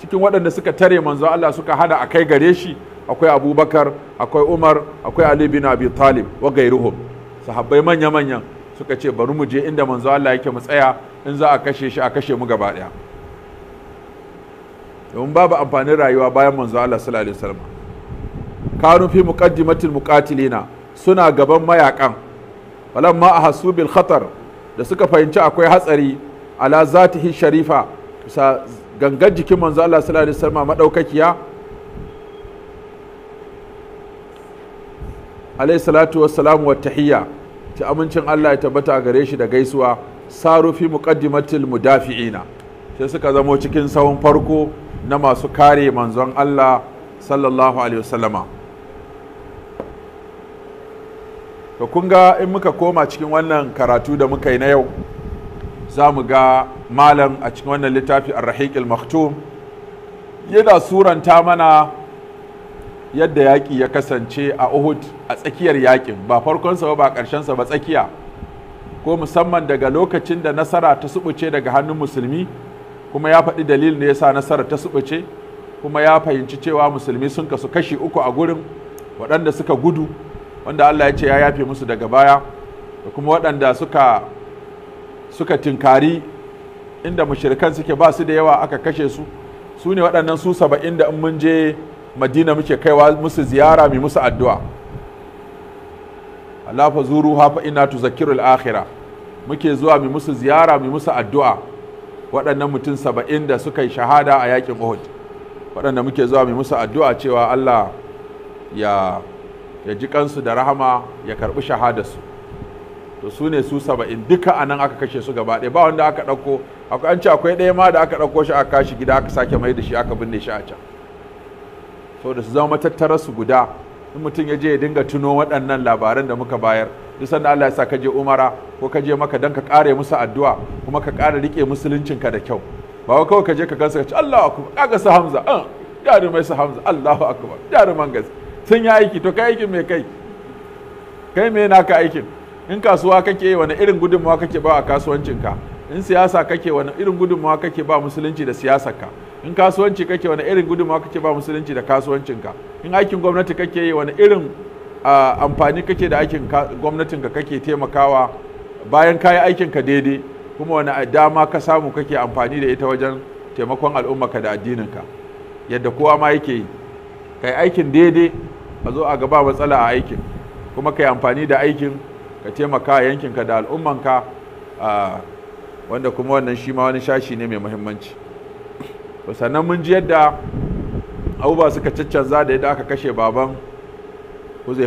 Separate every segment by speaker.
Speaker 1: cikin waɗanda suka tare manzo Allah suka hada a kai gare shi akwai abubakar akwai umar akwai ali bin abi talib wa gairuhum sahabbai manya manya suka ce bari mu je inda manzo Allah yake mu tsaya in za a kashe shi a kashe mu gaba daya domin babu amfanin rayuwa bayan manzo Allah sallallahu alaihi wasallam kanu fi muqaddimatil muqatilina suna gaban mayakan ma a bil khatar da suka fahimci akwai hatsari ala zatihi sharifa gangar jikin manzo Allah sallallahu alaihi wasallam madaukakiya alaihi salatu wassalamu wa tahiyya ta amincin Allah ya tabbata gare shi da gaisuwa saru fi muqaddimatil mudafi'ina sai suka zamo cikin sahun farko na masu kare manzon Allah sallallahu alaihi wasallama to kun ga in muka koma cikin wannan karatu da muka yi na yau za mu ga malam a cikin wannan littafi arrahiqil maktum yana suranta mana yadda yaƙi ya kasance a uhud a tsakiyar yaƙin ba farkonsa ba ƙarshensa ba tsakiya ko musamman daga lokacin da nasara ta subuce daga hannun musulmi kuma ya faɗi dalil ne yasa nasara ta subuce kuma ya fahimci cewa musulmi sun kasu kashi uku a gurin waɗanda suka gudu wanda Allah ya ce ya yafe musu daga baya da kuma waɗanda suka suka tinkari inda mushrikan suke ba su da yawa aka kashe su su ne waɗannan su saba'in da in mun je madina muke kaiwa musu ziyara mai musu addu'a Allah fa zuru hafa ina tu akhira akhirah muke zuwa mai musu ziyara mai musu addu'a waɗannan mutum saba'in da suka yi shahada a yakin Uhud waɗanda muke zuwa mai musu addu'a cewa Allah ya ya ji kansu da rahama ya karɓi shahadarsu to su ne su saba'in duka a nan aka kashe su gaba ɗaya ba wanda aka ɗauko akwai an ce akwai ɗaya ma da aka ɗauko shi aka kashi gida aka sake mai da shi aka binne shi a can to da su zama matattarar su guda in mutum ya je ya dinga tuno waɗannan labaran da muka bayar duk sanda Allah ya sa ka je umara ko ka je maka dan ka ƙare musu addu'a kuma ka ƙara riƙe musuluncinka da kyau ba kawai ka je ka gansa ka ce Allahu akbar kaga su Hamza an ah, jarumai su Hamza Allahu akbar jaruman gaske sun yi aiki to kai aikin me kai kai me naka aikin in kasuwa kake wani irin gudunmawa kake ba a kasuwancinka in siyasa kake wani irin gudunmawa kake ba musulunci da siyasarka in kasuwanci kake wani irin gudunmawa kake ba musulunci da kasuwancinka in aikin gwamnati kake yi wani irin amfani kake da aikin gwamnatinka kake taimakawa bayan kayi aikinka daidai kuma wani dama ka samu kake amfani da ita wajen taimakon al'ummarka da addininka yadda kowa ma yake yi kai aikin daidai a zo a gaba matsala a aikin kuma kai amfani da aikin ka taimaka yankinka da al'ummanka wanda kuma wannan shi ma wani shashi ne mai muhimmanci sannan mun ji yadda abubuwa suka caccanza da yadda aka kashe baban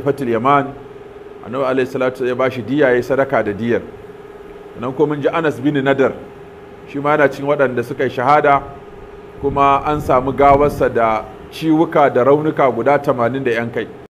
Speaker 1: fatil yaman annabi alaihi salatu ya bashi diya yayi sadaka da diyar nan ko mun ji Anas bin Nadar shi ma yana cikin waɗanda suka yi shahada kuma an samu gawarsa da ciwuka da raunuka guda tamanin da 'yan kai